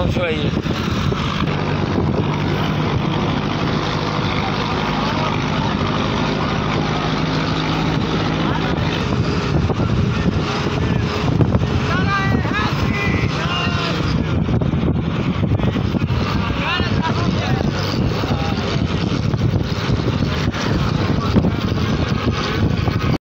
balanço aí.